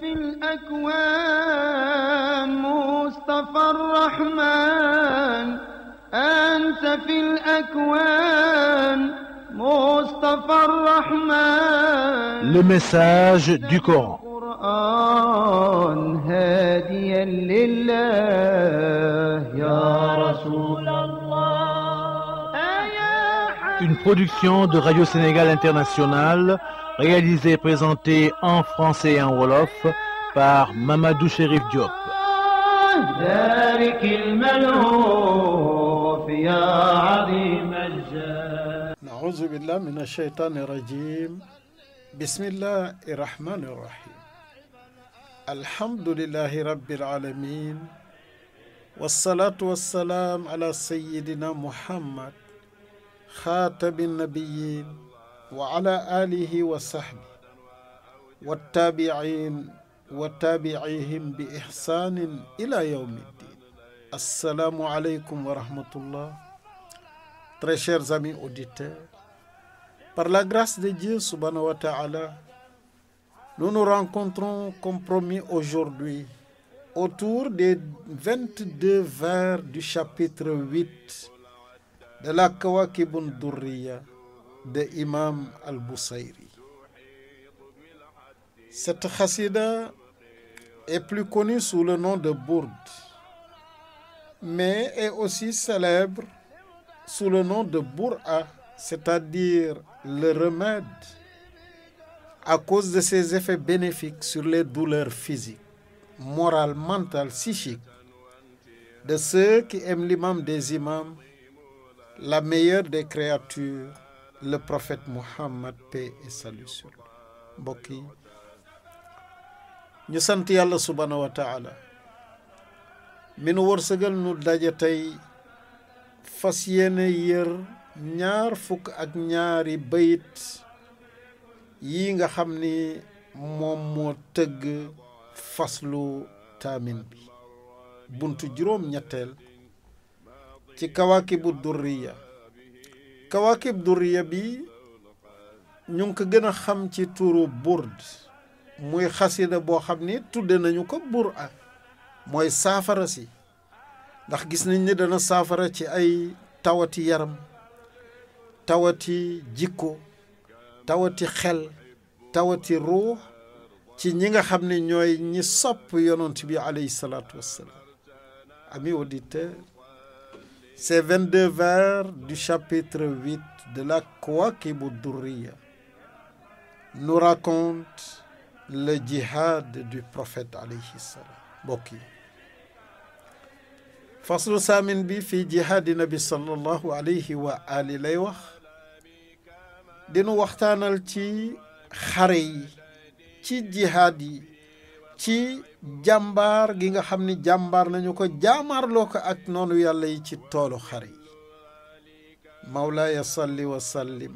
في الأكوان مصطفى الرحمن أنت في الأكوان مصطفى الرحمن Le message du Coran هاديا لله يا رسول الله une production de Radio Sénégal International, réalisée et présentée en français et en wolof par Mamadou Chérif Diop. أعوذ بالله من الشيطان الرجيم بسم الله الرحمن الرحيم الحمد لله رب العالمين والصلاة والسلام على سيدنا محمد xaatami nabiyiin wa ala aalihi wa saxbi wa taabiciin wa taabicihim bi ixsaanin ila yawmi ddiin assalaamu aleykum wa rahmatullah très chers amis auditeurs par la grâce de Dieu subhanahu wa taala nous nous rencontrons comme promis aujourd'hui autour des 22 vers du chapitre 8 de la kawakibun durriya de imam al Busayri cette chassida est plus connue sous le nom de Bourde mais est aussi célèbre sous le nom de Bour'a c'est-à-dire le remède à cause de ses effets bénéfiques sur les douleurs physiques morales mentales psychiques de ceux qui aiment l'imam des imams la meilleure des créatures le prophète Muhammad paix et salut yi ñu sant yàlla subhaanahu wa taala wërsëgal nu daje tey fas yéene yër ñaar fukk ak ñaari bayit yi nga xam ni moom moo tëgg faslu taamin bi buntu juróom ñetteel ci kawaakibu durriya kawaakib durriya bi ñu ngi ko gën a xam ci tuuru burd muy xasina boo xam ni tudde nañu ko bur a mooy saafara si ndax gis nañ ni dana saafara ci ay tawati yaram tawati jikko tawati xel tawati ruux ci ñi nga xam ne ñooy ñi sopp yonent bi alayhi salaatu wassalaam Ces 22 vers du chapitre 8 de la Kawakib Durriya nous racontent le du prophète alayhi salam mbokk yi faslu saamin bi fii jihaadi nabi sallallahu alayhi wa ali lay wax dinu waxtaanal ci xare yi ci jihaad ci jàmbaar gi nga xam ni jàmbaar nañu ko jaamaarloo ak noonu yàlla yi ci toolu xar yi mawlaaya salli wa sallim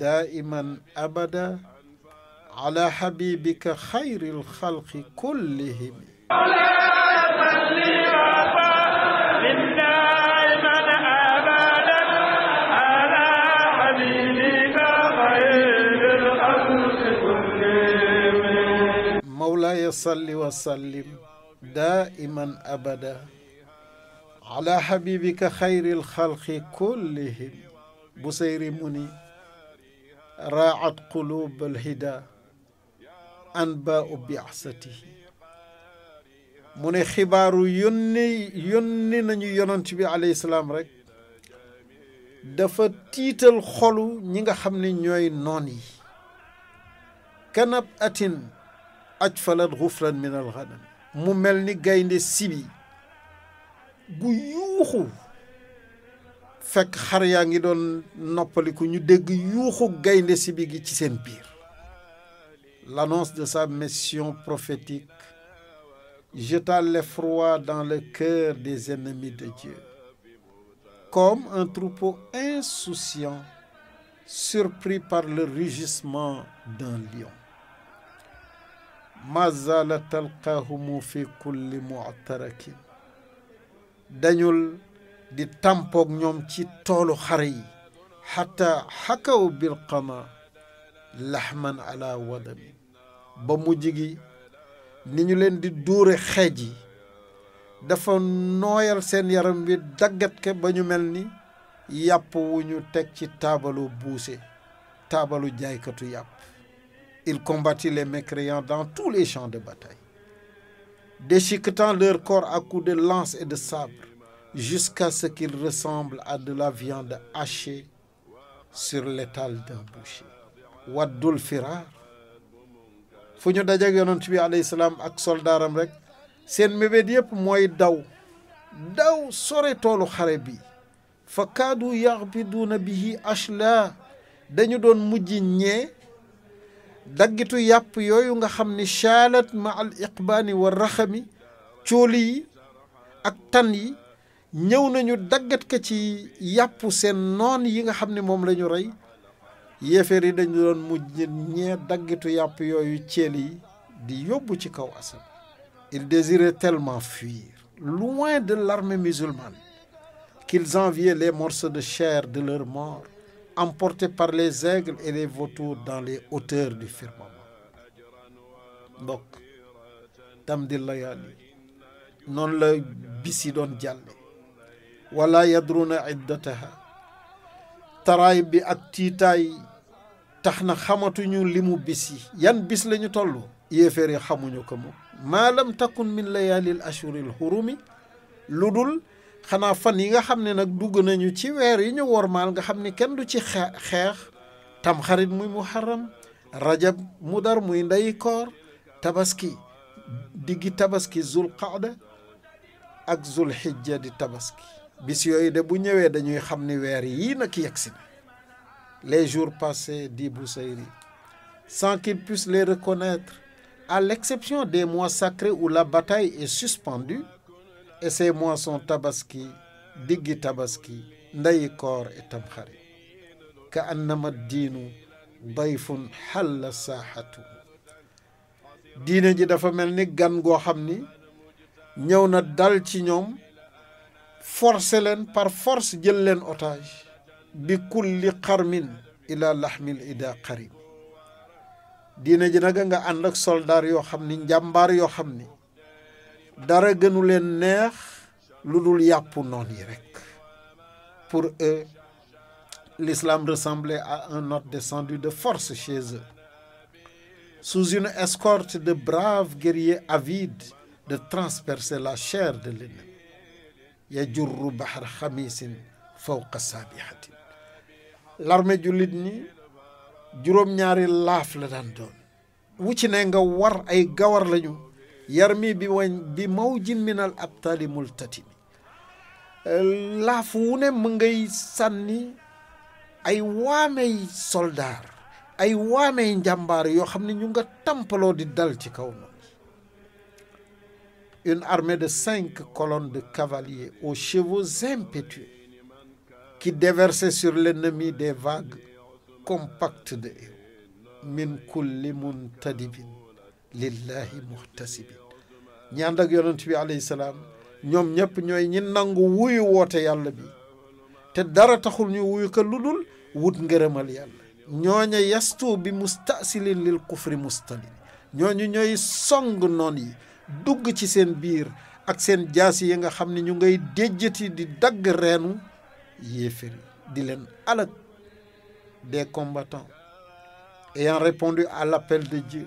daa'iman abada ala habibika xayril xalqi kullihim salli wa sallim daa'iman abada ala habibika xayril xalqi kullihim busayri mu ni raat qulub alhida anbaau bi'asatihi mu ne xibaaru yónni yónni nañu yonant bi alayhi salaam rekk dafa tiital xolu ñi nga xam ne ñooy noon yi kanab atin ajfalan xufran min alxanam mu mel ni gaynde sibi gu yuuxu fekk xar yaa ngi doon noppaliku ñu dégg yuuxu gaynde sibi gi ci seen biir l'annonce de sa mission prophétique jeta l'effroi dans le cœur des ennemis de Dieu comme un troupeau insouciant surpris par le rugissement d'un lion ma zaala talqaahumu fi kulli muctarakin dañul di tàmpook ñoom ci toolu xare yi xataa xakaw bilqama laxman ala wadami ba mu gi ni ñu leen di duure xeej yi dafa nooyal seen yaram bi daggat ke ba ñu mel ni yàpp wu ñu teg ci taabalu buuse taabalu jaaykatu yàpp Il combattit les mécréants dans tous les champs de bataille, déchiquetant leur corps à coups de lance et de sabre, jusqu'à ce qu'ils ressemblent à de la viande hachée sur l'étal d'un boucher. waddul firaar fu ñu dajeek yonent bi ak soldaaram rek seen mébét yëpp mooy daw daw sore toolu xare bi fa kaadu yax bi duuna bihi ashla dañu doon mujj ñee daggitu yàpp yooyu nga xam ni chaalat ma al iqbaani wa raxami cóoli yi ak tan yi ñëw nañu daggat ka ci yàpp seen noon yi nga xam ne moom la ñu rey yéeféer yi dañu doon mujj ñee daggitu yàpp yooyu ceel yi di yóbbu ci kaw asam ils désiraient tellement fuir loin de l'armée musulmane qu'ils enviaient les morceaux de chair de leur mort emporté par les aigles et les vautours dans les hauteurs du firmament mbokk tam di layaali noonu la bisi doon jàlle wala na iddataha taraay bi ak tiitaay tax na xamatuñu limu bis yi yan bis lañu ñu toll yéeféer yi xamuñu ko mu maa lam takun min layaalil ashuril hurumi lu dul xanaa fan yi nga xam ne nag dugg nañu ci weer yi ñu wormaal nga xam ni kenn du ci xeex tamxarit muy muharram rajab mu dar muy ndeyi koor tabaski diggi tabaski zul qaada ak zul xijja di tabaski bis yooyu de bu ñëwee dañuy xam ni weer yii nag yegsi na les jours passés dit Boussaïri sans qu'il puisse les reconnaître à l'exception des mois sacrés où la bataille est suspendue et ces Tabaski diggi Tabaski ndeyi koor et tamxarit ka annama diinu dayfun xalla saaxatu diine ji dafa mel ni gan goo xam ni ñëw na dal ci ñoom forcé leen par force jël leen otage bi kulli xarmin ila laxmil ida xarim diine ji nag nga ànd ak soldaar yoo xam ni njàmbaar yoo xam ni dara gënu leen neex lu dul yàpp noon yi rek pour eux l'islam ressemblait à un hôte descendu de force chez su sous une escorte de braves guerriers avides de transpercer la chair de l'ennemi jur bahar xamisin fawqa saabihatin l'armée jullit ni juróom-ñaari laaf la daan doon wu ci ne nga war ay gawar lañu yarmi bi wañ bi mawjin minal abtali multatimi euh, laafu wu ne mu ngay sànni ay waamey soldaar ay waamey njàmbaar yoo xam ne ñu nga tampaloo di dal ci kaw noonu une armée de cinq colonnes de cavaliers aux chevaux impétueux qui déversaient sur l'ennemi des vagues compactes de eau min kulli muntadibin lillahi muhtasibin ñi ànd ak yonent bi alayhi salaam ñoom ñëpp ñooy ñi nangu wuyu woote yàlla bi te dara taxul ñu wuyu ko lu dul wut ngërëmal yàlla ñooña yastu bi mustasilin lil kufri mustalin ñooñu ñooy song noon yi dugg ci seen biir ak seen jaasi yi nga xam ni ñu ngay déjjati di dagg reenu yéeféri di leen alag des combattants ayant répondu à l'appel de Dieu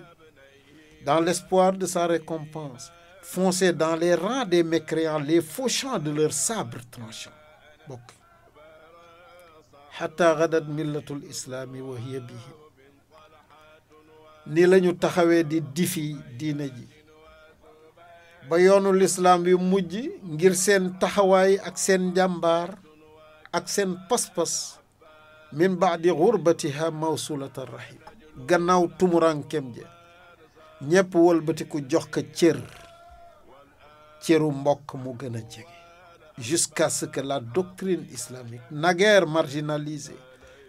dans l'espoir de sa récompense foncer dans les rangs des mécréants les de leurs sabres tranchants bokk xataa gadat millatul islaami wa bihim ni la taxawee di difi diine ji ba yoonu lislaam bi mujj ngir seen taxawaay ak seen njàmbaar ak seen pas-pas min baadi xurbatiha mawsulata rahim gannaaw tumuraankem ja ñépp wëlbatiku jox ko cër cëru mbokk mu gën a jege jusqu'à ce que la doctrine islamique naguère marginalisée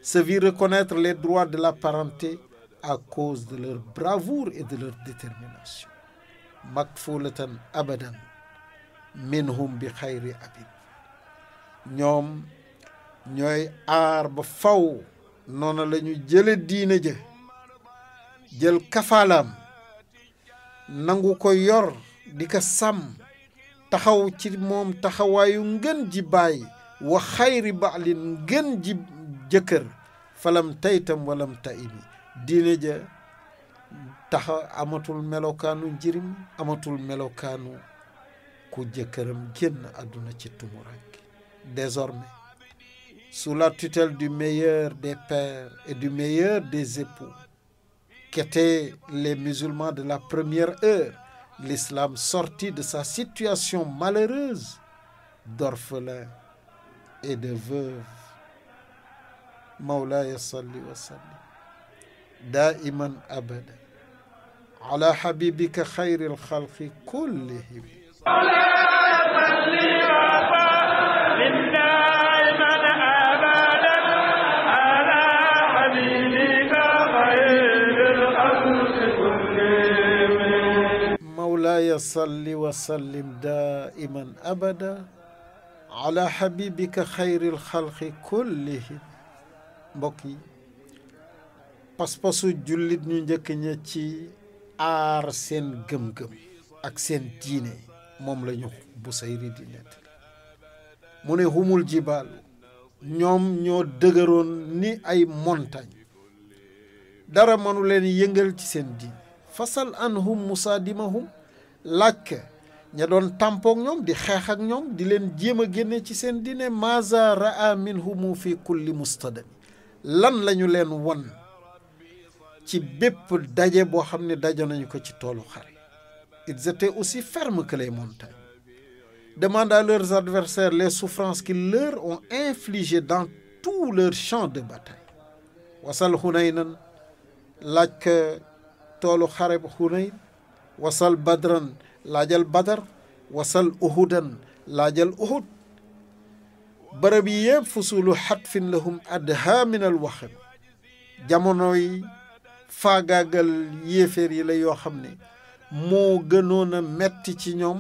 se vit reconnaître les droits de la parenté à cause de leur bravoure et de leur détermination makfulatan abadan minhum bi xayri abid ñoom ñooy aar ba faw noona lañu jële diine ja jël kafaalaam nangu ko yor di ko sàmm taxaw ci moom taxawaayu ngën ji baay wa xayri baalin ngën ji jëkkër falam taytam walam taimi diine ja taxa amatul melokaanu njirim amatul melokaanu ku jëkkëram génn àdduna ci tumuranke désormais sous la tutelle du meilleur des pères et du meilleur des époux qu'étaient les musulmans de la première heure l'islam sorti de sa situation malheureuse d'orphelin et de veuve mawlaaya salli wa sallim daiman abada ala habibika xayril xalqi kullihim مولاي صل وسلم دائما أبدا على حبيبك خير الخلق كلهم mbokk yi pas-pasu jullit ñu njëkk ña ci aar seen gëm-gëm ak seen diine moom lañu ñu Busayri di nettali mu ne humul jibaal ñoom ñoo dëgëroon ni ay montagne dara mënu leen yëngal ci seen diine fasal anhum musaadimahum laajte ña doon tàmpoog ñoom di xeex ak ñoom di leen jéem a génne ci seen dine maza raa minhumu fi kulli mustadami lan lañu leen won ci bépp daje boo xam ne daje nañu ko ci toolu xare ils étaient aussi fermes que les montagnes demandent leurs adversaires les souffrances qu'ils leur ont infligées dans tout leur champ de bataille wasal Hunaynan laaj toolu xare bu Hunayn wasal badran laajal badar wasal uhudan laajal uhud bërëb yi yëpp fusulu xatfin lahum adha min jamonoy faagaagal yéeféer yi la yoo xam ni moo gënoon a metti ci ñoom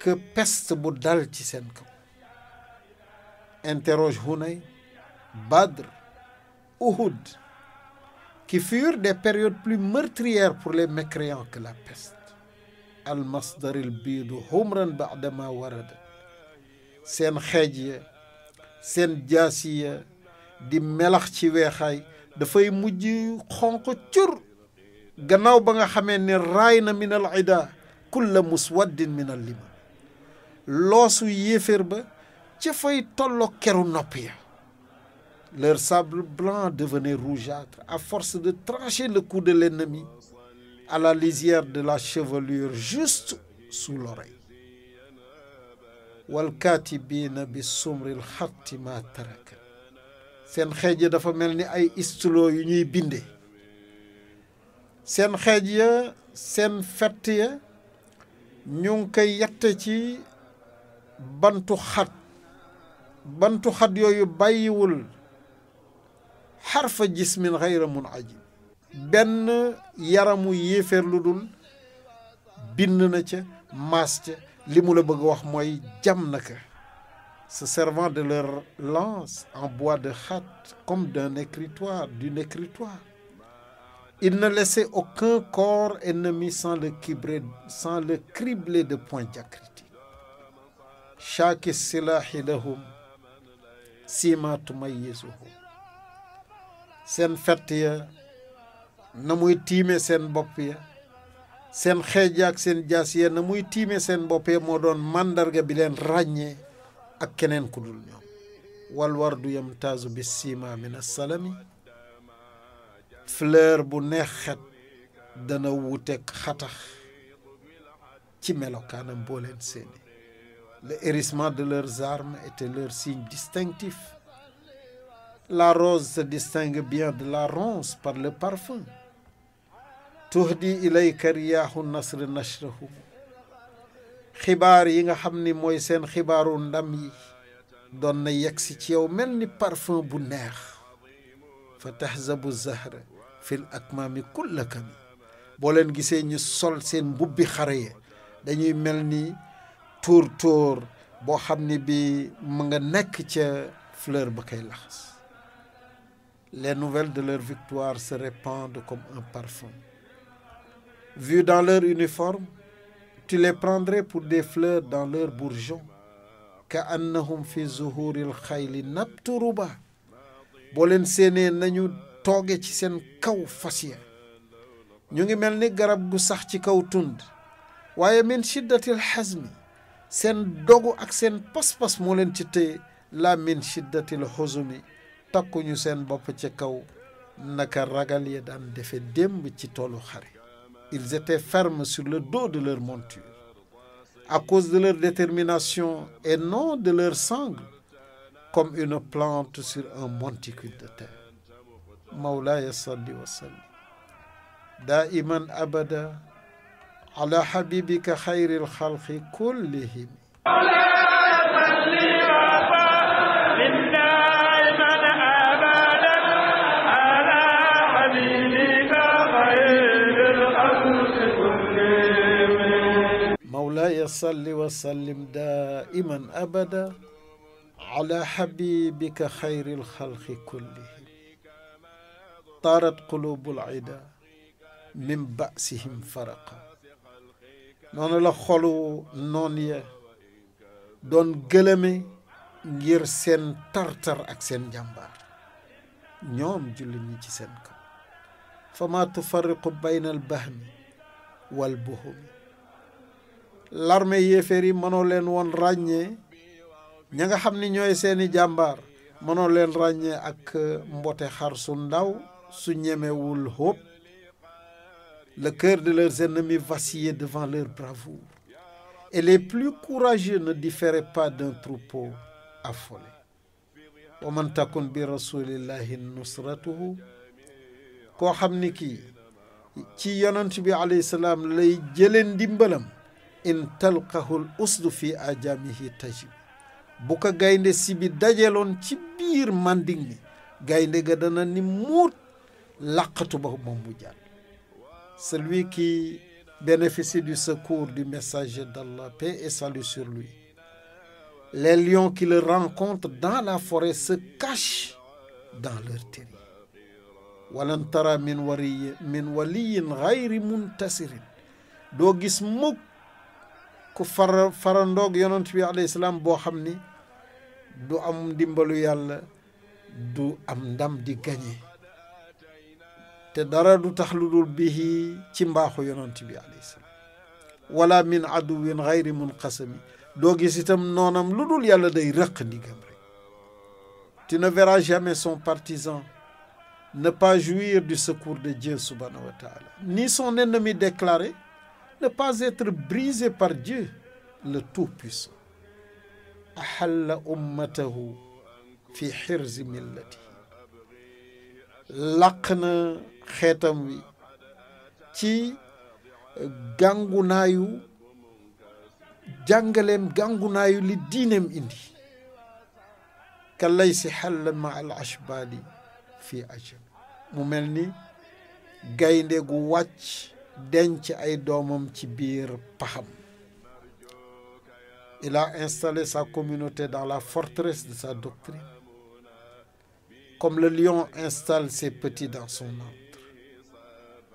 que bu dal ci seen kaw interroge Hunay Badr Uhud qui furent des périodes plus meurtrières pour les mécréants que la peste almasdar albiidu humran baadama waradat seen xeej ya seen jaasi ya di melax ci weexaay dafay mujj xonq cur gannaaw ba nga xamee ne raay na min al ida kulla muswaddin min al lima loosu yéeféer ba ca fay tollo keru nopp ya Leur sable blanc devenait rougeâtre à force de trancher le cou de l'ennemi à la lisière de la chevelure juste sous l'oreille. wal kaatibiina bi sumril xatti seen xeej ya dafa mel ni ay istuloo yu ñuy binde seen xeej ya seen fett ya ñu ngi koy yette ci bantu xat bantu xat yooyu bàyyiwul xarfa jismin xayra mun ajib benn yaramu yéeféer lu dul bind na ca maas ca li mu la bëgg wax mooy jam na ka se servant de leur lance en bois de hâte comme d'un écritoire d'une écritoire il ne laissait aucun corps ennemi sans le cibler sans le cribler de points diacritiques chaaki silaahi lahum sima tumayyizuhum seen fett ya na muy tiime seen bopp ya seen xeej ak seen jaas ya na muy tiime seen bopp ya moo doon màndarga bi leen ràññee ak keneen ku dul ñoom wal wardu yamtaazu bi sima min assalami fleur bu neex xet dana wuuteeg xatax ci melokaanam boo leen seeni le hérissement de leurs armes était leur signe distinctif la rose se distingue bien de la ronce par le parfum tuhdi ilayka riyaahu nasri nashrahu xibaar yi nga xam ni mooy seen xibaaru ndam yi doon na yegsi ci yow mel ni parfum bu neex fa tahzabu zahra fil ak akmaami kullakami boo leen gisee ñu sol seen mbubbi xare yi dañuy mel ni tóor tóor boo xam ni bi mu nga nekk ca fleur ba koy laxas Les nouvelles de leur victoire se répandent comme un parfum. Vus dans leur uniforme, tu les prendrais pour des fleurs dans leurs bourgeons. Ka'annahum fi zuhuril xayli nabturuba boo leen séenée nañu tooge ci seen kaw fas ya ñu ngi mel ni garab gu sax ci kaw tund waaye min shiddatil xasmi seen dogu ak seen pas-pas moo leen ci téye la min shiddatil xusumi takkuñu seen bopp ci kaw naka ragal ya daan defe démb ci toolu xare ils étaient fermes sur le dos de leur monture à cause de leur détermination et non de leur sang comme une plante sur un monticule de terre mawlaaya salli wa sallim daa'iman abada ala habibika xayril xalqi kullihim salli wa sallim daiman abada ala habibika xayril xalqi kullihim taarat qulubul ida min basihim faraqa noonu la xolu noon ya doon gëlëme ngir seen tartar ak seen jàmbaar ñoom jullit ñi ci seen kaw fa ma tufarriqu bayna al bahmi wal buhumi l'armée yéeféer yi mënoo leen won ràññee ña nga xam ni ñooy seeni jàmbaar mënoo leen ràññee ak euh, mbote xar su ndaw su ñemewul hóob le cœur de leurs ennemis vacillait devant leur bravoure et les plus courageux ne différaient pas d'un troupeau affolé wa man takun bi rasulillahi nusratuhu koo xam ni kii ci yonent bi alayhi salaam lay jëleen ndimbalam in talqahul usdu fi ajamihi tajib bu ko gaynde sibi dajaloon ci biir manding mi gaynde ga dana ni muut làqatu ba moom mu jàll celui qui bénéficie du secours du messager d'Allah paix et salut sur lui les lions qui le rencontrent dans la forêt se dans leur terrier walan tara min wariy gayri muntasirin doo gis mukk ku far farandoog yonent bi alayhi salaam boo xam ni du am ndimbalu yàlla du am ndam di gañe te dara du tax lu dul bihi ci mbaaxu yonent bi alayhi salaam wala min aduwin xayri munqasami doo gis itam noonam lu dul yàlla day rëq ndigam rek tu ne verras jamais son partisan ne pas jouir du secours de Dieu subhanahu wa taala ni son ennemi déclaré ne pas être brisé par Dieu, le ummatahu fi xirzi millati làq na xeetam wi ci gàngunaayu jàngaleem gàngunaayu li diineem indi ka laysi xallan ma al ashbaali fii ajab mu mel ni gaynde gu wàcc denc ay doomam ci biir paxam il a installé sa communauté dans la forteresse de sa doctrine comme le lion installe ses petits dans son antre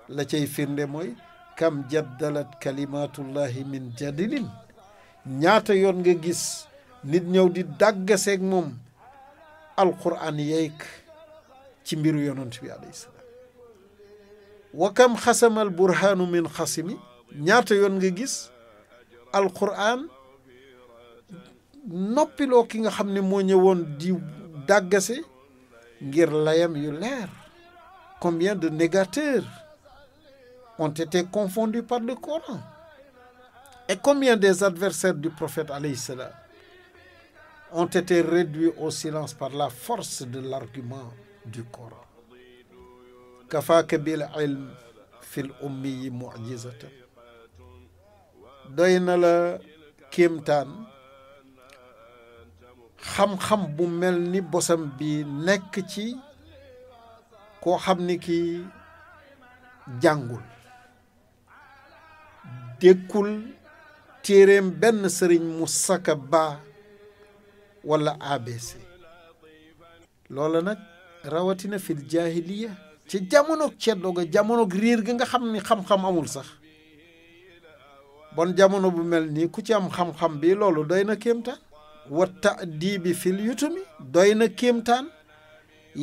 la cay firnde mooy kam jaddalat kalimatullahi min jadilin ñaata yoon nga gis nit ñëw di dàggaseeg moom alquran yeeg ci mbiru yonent bi alayhi salaam wa kam xasamal burhaanu min xasimi ñaata yoon nga gis alquran noppiloo ki nga xam ni moo ñëwoon di dàggase ngir layam yu leer combien de négateurs ont été confondus par le Coran et combien des adversaires du prophète alayhi salam ont été réduits au silence par la force de l'argument du Coran kafaaka bil ilm fil ummi yi mujizata doy na la bu mel ni bosam bi nekk ci koo xam ni kii jàngul dékkul téeréem benn sëriñ mu saka ba wala abc loola nag rawatina fil jaahiliya ci jamono ceddo ga jamono réer gi nga xam ni xam-xam amul sax bon jamono bu mel nii ku ci am xam-xam bi loolu doy na kéemtaan wa taadibi fil yutumi doy na kéemtaan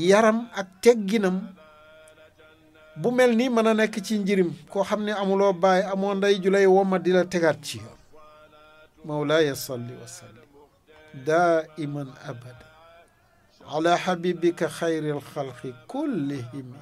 yaram ak tegginam bu mel nii mën a nekk ci njirim koo xam ni amuloo bàyyi amoo ndey ju lay womma di la tegaat ci yoon mawlaaya salli wa salli daiman abada ala habibika xayril xalqi kullihimi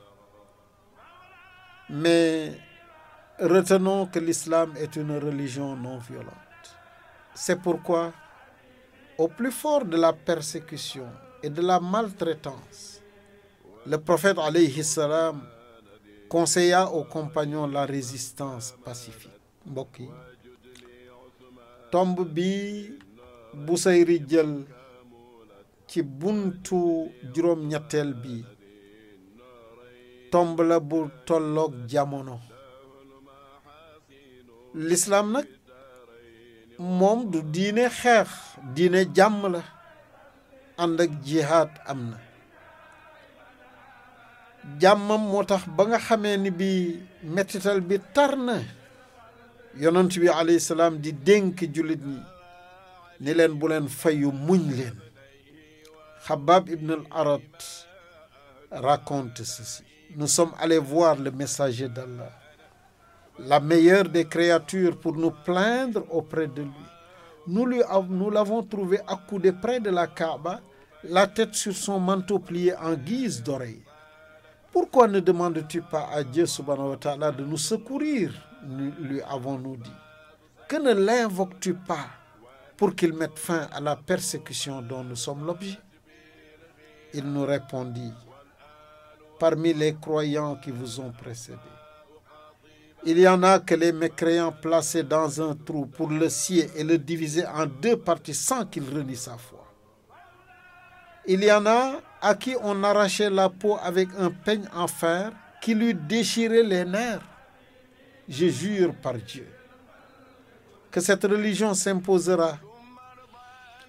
Mais retenons que l'islam est une religion non violente. C'est pourquoi, au plus fort de la persécution et de la maltraitance, le prophète alayhi salam conseilla aux compagnons la résistance pacifique. mbokk yi tomb bi Busayri jël ci buntu juróom bi tomb la bu tolloog jamono lislaam nag moom du diine xeex diine jàmm la ànd ak jihaad am na jàmmam moo tax ba nga xamee ni bi mettital bi tar na yonent bi alayhi salaam di dénk jullit ñi ni leen bu leen fayu muñ leen xabaab ibn al arat raconte ceci nous sommes allés voir le messager d'Allah, la meilleure des créatures, pour nous plaindre auprès de lui. Nous lui nous l'avons trouvé accoudé près de la Kaaba, la tête sur son manteau plié en guise d'oreille. Pourquoi ne demandes-tu pas à Dieu subhanahu wa ta'ala de nous secourir? lui avons-nous dit. Que ne l'invoques-tu pas pour qu'il mette fin à la persécution dont nous sommes l'objet? Il nous répondit parmi les croyants qui vous ont précédés. Il y en a que les mécréants placés dans un trou pour le scier et le diviser en deux parties sans qu'il renie sa foi. Il y en a à qui on arrachait la peau avec un peigne en fer qui lui déchirait les nerfs. Je jure par Dieu que cette religion s'imposera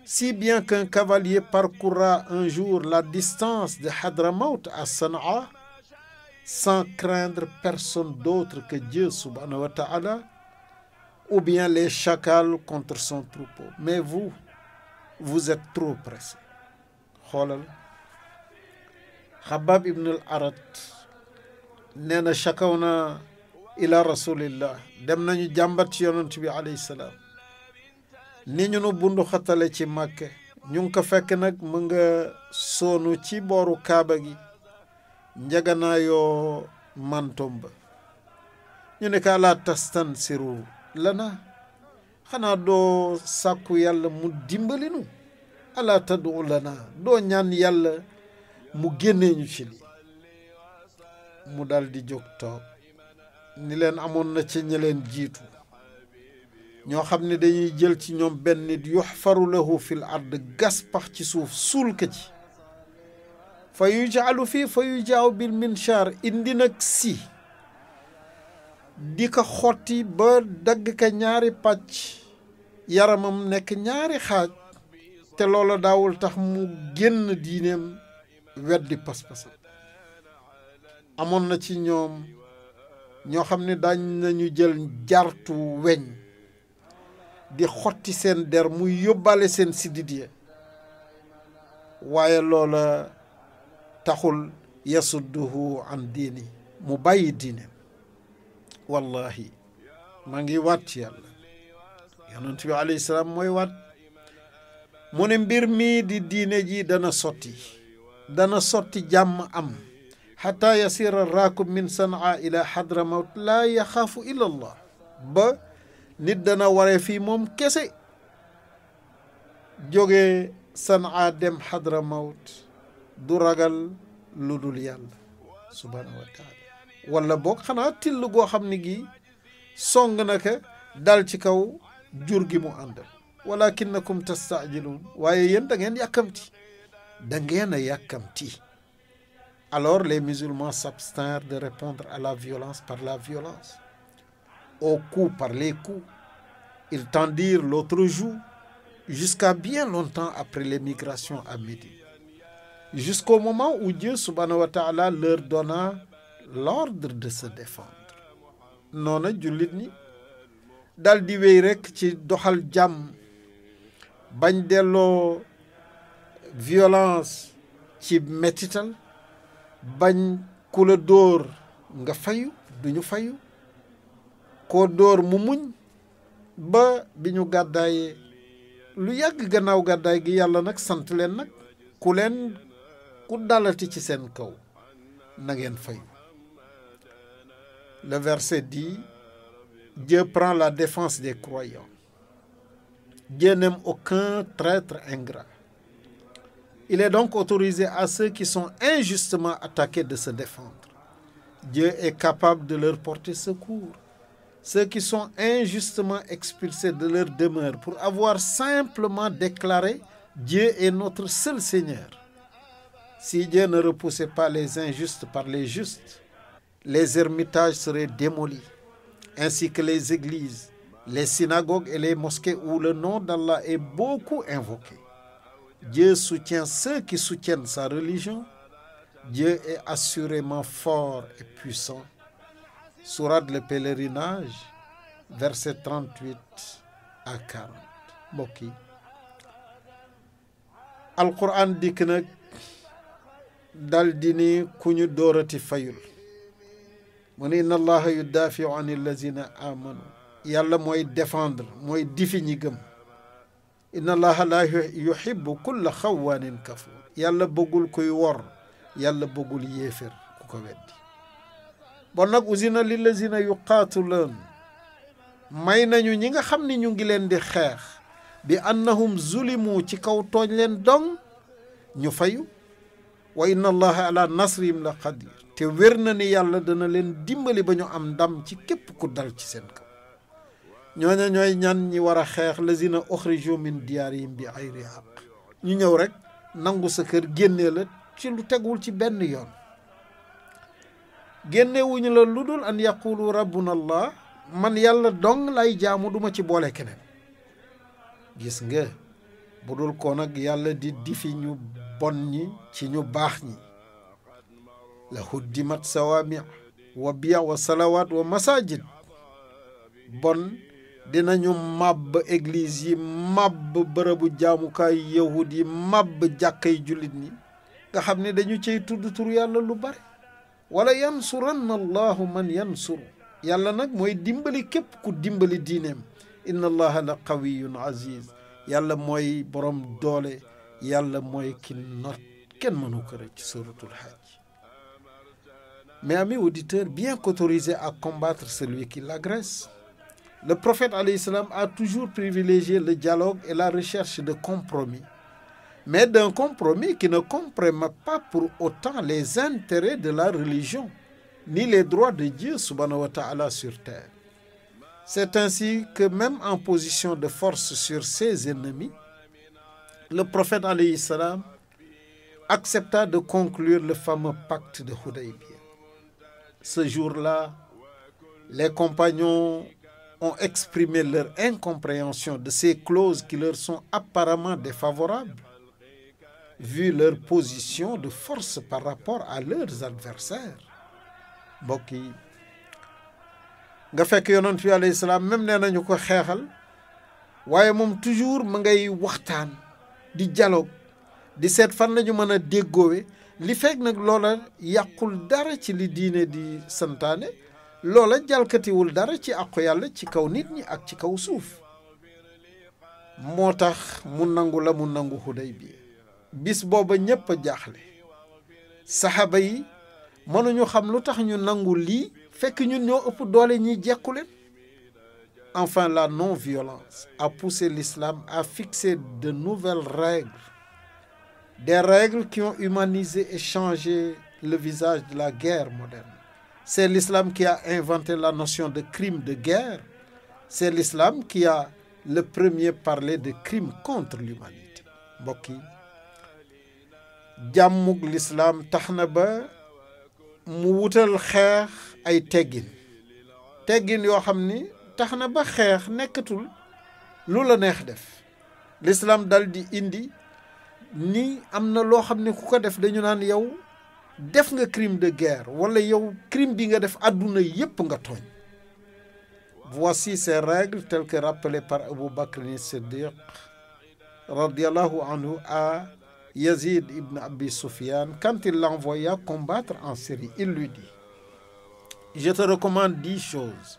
si bien qu'un cavalier parcourra un jour la distance de Hadramaut à Sanaa sans craindre personne d'autre que Dieu subhanahu wa ta'ala ou bien les chacals contre son troupeau mais vous vous êtes trop pressé xoolal Habab ibn al-Arat nee na chakaw na ila rasulillah dem nañu jàmbat ci yonent bi alayhi salaam ni ñu nu bundu xatale ci màkke ñu ngi ko fekk nag mu nga soonu ci booru kaaba gi njaganaayoo mantom ba ñu ne ka laa tastansiru lana xanaa doo sàkku yàlla mu dimbali nu ala tadu doo ñaan yàlla mu génnee ñu ci lii mu daldi jóg toog ni leen amoon na ci ñi leen jiitu ñoo xam ne dañuy jël ci ñoom benn nit yuxfaru lahu fil ard gas pax ci suuf suul ka ci fa yujaalu fii fa yujaaw bil minchar indi nag si di ko xotti ba dagg ka ñaari pàcc yaramam nekk ñaari xaaj te loola daawul tax mu génn diineem weddi pas-pasam amoon na ci ñoom ñoo xam ni daañ nañu jël jartu weñ di xotti seen der muy yóbbale seen siddit ya waaye loola taxul yasudduhu an diini mu bàyyi diine wallahi maa ngi waat yàlla yonent bi alayhi salaam mooy waat mu ne mbir mi di diine ji dana sotti dana sotti jàmm am xataa yasira raakum min sanaa ila xadramawt laa yaxaafu illa allah ba nit dana waree fii moom kese jógee sanaa dem xadra mawt du ragal lu dul yàlla subhaanahu wa taala boog xanaa till goo xam ne gi song na ka dal ci kaw jur gi mu àndal walakinakum tastaajiluun waaye yéen da ngeen yàkkamti da ngeen a yàkkamti alors les musulmans s'abstinrent de répondre à la violence par la violence au coup par les coups. Ils tendirent l'autre joue jusqu'à bien longtemps après l'émigration à Médine. Jusqu'au moment où Dieu subhanahu wa leur donna l'ordre de se défendre. noona jullit ñi dal wéy rekk ci doxal jàmm bañ delloo violence ci mettital bañ ku la dóor nga fayu duñu fayu koo dóor mu muñ ba bi ñu gàddaayee lu yàgg gannaaw gàddaay gi yàlla nag sant leen nag ku leen ku dalati ci seen kaw na ngeen fay le verset dit Dieu prend la défense des croyants Dieu n'aime aucun traître ingrat il est donc autorisé à ceux qui sont injustement attaqués de se défendre Dieu est capable de leur porter secours ceux qui sont injustement expulsés de leur demeure pour avoir simplement déclaré Dieu est notre seul Seigneur. Si Dieu ne repoussait pas les injustes par les justes, les ermitages seraient démolis, ainsi que les églises, les synagogues et les mosquées où le nom d'Allah est beaucoup invoqué. Dieu soutient ceux qui soutiennent sa religion. Dieu est assurément fort et puissant. sourate le pèlerinage verset dikk nag dal ni ku ñu doorati fayul mu ne inna allaha yudaafiu an allazina yàlla mooy défendre mooy difi ñi gëm inna allaha la yuhibbu kulla xawaanin kafur yàlla bëggul kuy wor yàlla bëggul yéefér ku ko weddi bon nag usina lillazina yuqaatiluun may nañu ñi nga xam ni ñu ngi leen di xeex bi annahum zulimu ci kaw tooñ leen dong ñu fayu wa inna allaha ala nasrihim la qadir te wér na ni yàlla dana leen dimbali ba ñu am ndam ci képp ku dal ci seen kaw ñooña ñooy ñan ñi war a xeex lazina uxriju min diyaarihim bi ayri haq ñu ñëw rekk nangu sa kër génnee la ci lu tegul ci benn yoon génnewuñu la lu dul an yaqulu rabbuna allah man yàlla dong lay jaamu duma ci boole keneen gis nga bu dul ko nag yàlla di difi ñu bon ñi ci ñu baax ñi la huddimat sawaami wa biya wa salawaat wa masajid bon dinañu màbb église yi màbb bërëbu jaamukaay yahud yi màbb jàkkay jullit ñi nga xam ne dañu cey tudd tur yàlla lu bare wala yansuranna allahu man yansuru yàlla nag mooy dimbali képp ku dimbali diineem inna allaha la qawiyun aziz yàlla mooy borom doole yàlla mooy ki not kenn mënu ko rek ci suratul hajj mais amis auditeurs bien qu'autorisés à combattre celui qui l'agresse le prophète alayhi salam a toujours privilégié le dialogue et la recherche de compromis mais d'un compromis qui ne compromet pas pour autant les intérêts de la religion, ni les droits de Dieu subhanahu wa ta'ala sur terre. C'est ainsi que même en position de force sur ses ennemis, le prophète alayhi salam accepta de conclure le fameux pacte de Houdaïbiyah. Ce jour-là, les compagnons ont exprimé leur incompréhension de ces clauses qui leur sont apparemment défavorables vu position de force par rapport à leurs adversaires mbokk yi nga fekk yonent bi alayhi salaam même nañu ko xeexal waaye moom toujours mu ngay waxtaan di dialogue di seet fan lañu mën a déggoowe li fekk nag loola yàqul dara ci li diine di santaane loola jalkatiwul dara ci àqu yàlla ci kaw nit ñi ak ci kaw suuf moo tax mu nangu la mu nangu xuday bi bis booba ñépp a jaaxle saxaaba yi nañu xam lu tax ñu nangu lii fekk ñun ñoo ëpp doole ñiy jekku leen enfin la non violence a poussé l'islam à fixer de nouvelles règles des règles qui ont humanisé et changé le visage de la guerre moderne c'est l'islam qui a inventé la notion de crime de guerre c'est l'islam qui a le premier parlé de crime contre l'humanité mbokk yi jàmmug lislaam tax na ba mu wutal xeex ay teggin teggin yoo xam ne tax na ba xeex nekkatul lu la neex def lislaam dal di indi ni am na loo xam ne ku ko def dañu naan yow def nga crime de guerre wala yow krim bi nga def àdduna yépp nga tooñ voici ces règles telles que rappelées par Abou Bakr Siddiq radiallahu anhu Yazid ibn Abi Sufyan, quand il l'envoya combattre en Syrie, il lui dit, Je te recommande dix choses.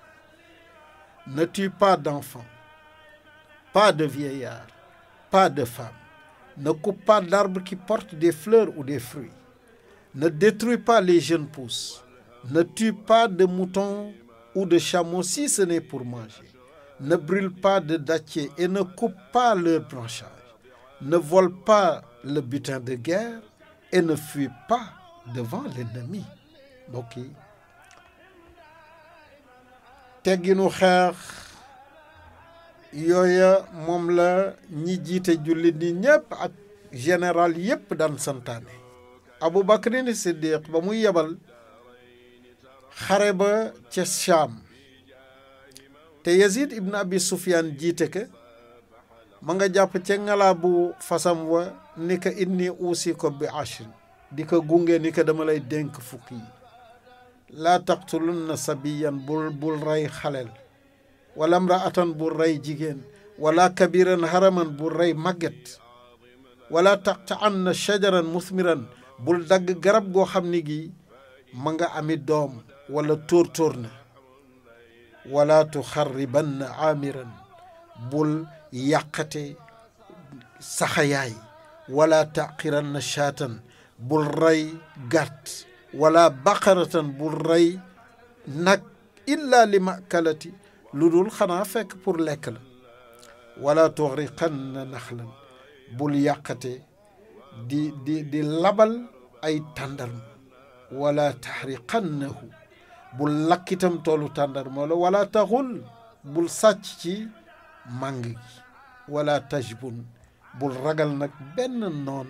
Ne tue pas d'enfants, pas de vieillards, pas de femmes. Ne coupe pas d'arbres qui portent des fleurs ou des fruits. Ne détruis pas les jeunes pousses. Ne tue pas de moutons ou de chameaux si ce n'est pour manger. Ne brûle pas de dattiers et ne coupe pas leurs branchages. ne vole pas le butin de guerre et ne fuit pas devant l'ennemi mbokk yi tegginu xeex yooya moom la ñi jiite jullit ñi ñëpp ak general yépp daan santaane Abu Bakrin Siddiq ba muy yebal xare ba ca Shaam te Yazid ibn Abi Sufyan jiite ka ma nga jàpp ca ngalaabu fasam wa ni ko inni uusi ko bi ashrin di ko gunge ni ko dama lay dénk fukk yi laa taqtulunna sabiyan bul bul rey xaleel wala mraatan bul rey jigéen wala kabiran haraman bul rey màgget wala taqta'anna shajaran muthmiran bul dagg garab goo xam ni gi ma nga ami doom wala tóor tóor na wala tuxarribanna aamiran bul yàqate saxayaay wala taqiranna shaatan bul rey gàtt wala baqaratan bul rey nag illa li makalati lu dul xanaa fekk pour lekk la wala tuxriqanna naxlan bul yàqate di di labal ay tàndarma wala taxriqannahu bul lakkitam toolu tàndarma la wala taxul bul sàcc ci màng gi wala tajbun bul ragal nag benn noon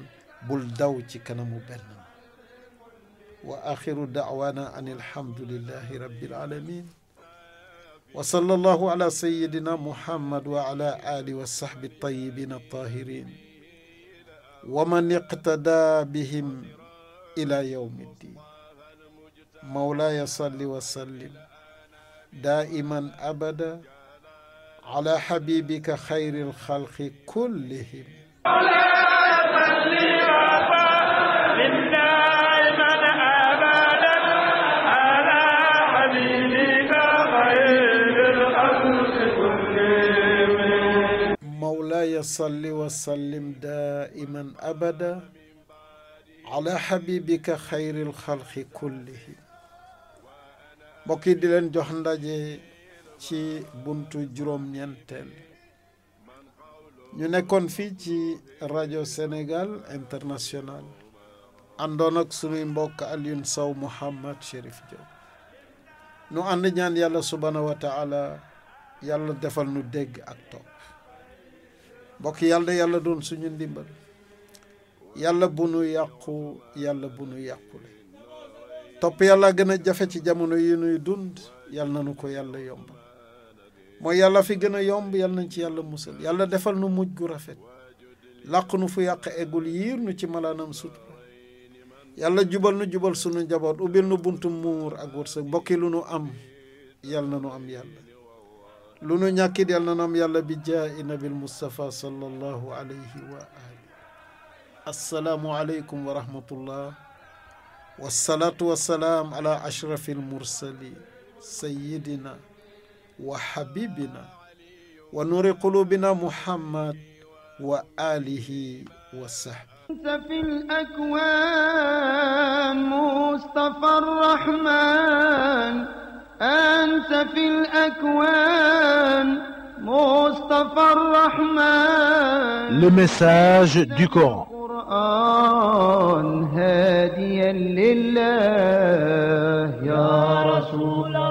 bul daw ci kanamu benn noon wa axiru daawaana an alhamdulillahi rabbil alamin wa sallallahu ala sayyidina muhammad wa ala ali wa sahbi tayyibina tahirin wa man iqtada bihim ila yawmi ddin mawlaaya salli wa sallim daa'iman abada ala habibika xayril xalqi kullihim مولاي صل وسلم دائما أبدا على حبيبك خير الخلق كلهم mbokk yi di leen jox ndaje ci buntu juróom-ñeenteel ñu nekkoon fii ci rajo senegal international àndoon ak sunuy mbokk Alioune Sow Mouhammad Chérif Diop nu ànd ñaan yàlla subhaanahu wa taala yàlla defal nu dégg ak topp mbokk yàlla yàlla doon suñu ndimbal yàlla bu nu yàqu yàlla bu nu yàqule topp yàlla gën a jafe ci jamono yi nuy dund yàlla na nu ko yàlla yomb mooy yàlla fi gën a yomb yàlla nañ ci yàlla musal yàlla defal nu mujj gu rafet làq nu fu yàq eggul yiir nu ci malaanam sut yàlla jubal nu jubal sunu njaboot ubbil nu buntu muur ak wërsëg mbokki lu nu am yàlla na nu am yàlla lu nu ñàkkit yàlla nu am yàlla bi jaayi nabil mustafa sallallahu alayhi wa ali assalaamu aleykum wa rahmatullah wasalaatu wasalaam ala ashrafi almursalin sayidina wa habibina wa nuuri qulubina muhammad wa alihi wa sahbi في الأكوان مصطفى الرحمن أنت في الأكوان مصطفى الرحمن Le message du Coran هاديا لله يا رسول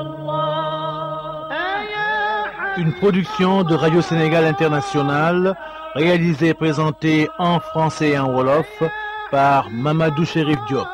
une production de Radio Sénégal International, réalisée et présentée en français et en wolof par Mamadou Chérif Diop.